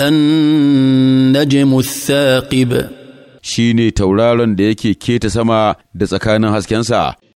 النجم الثاقب shine tauraron da yake keta sama da tsakanin haskensa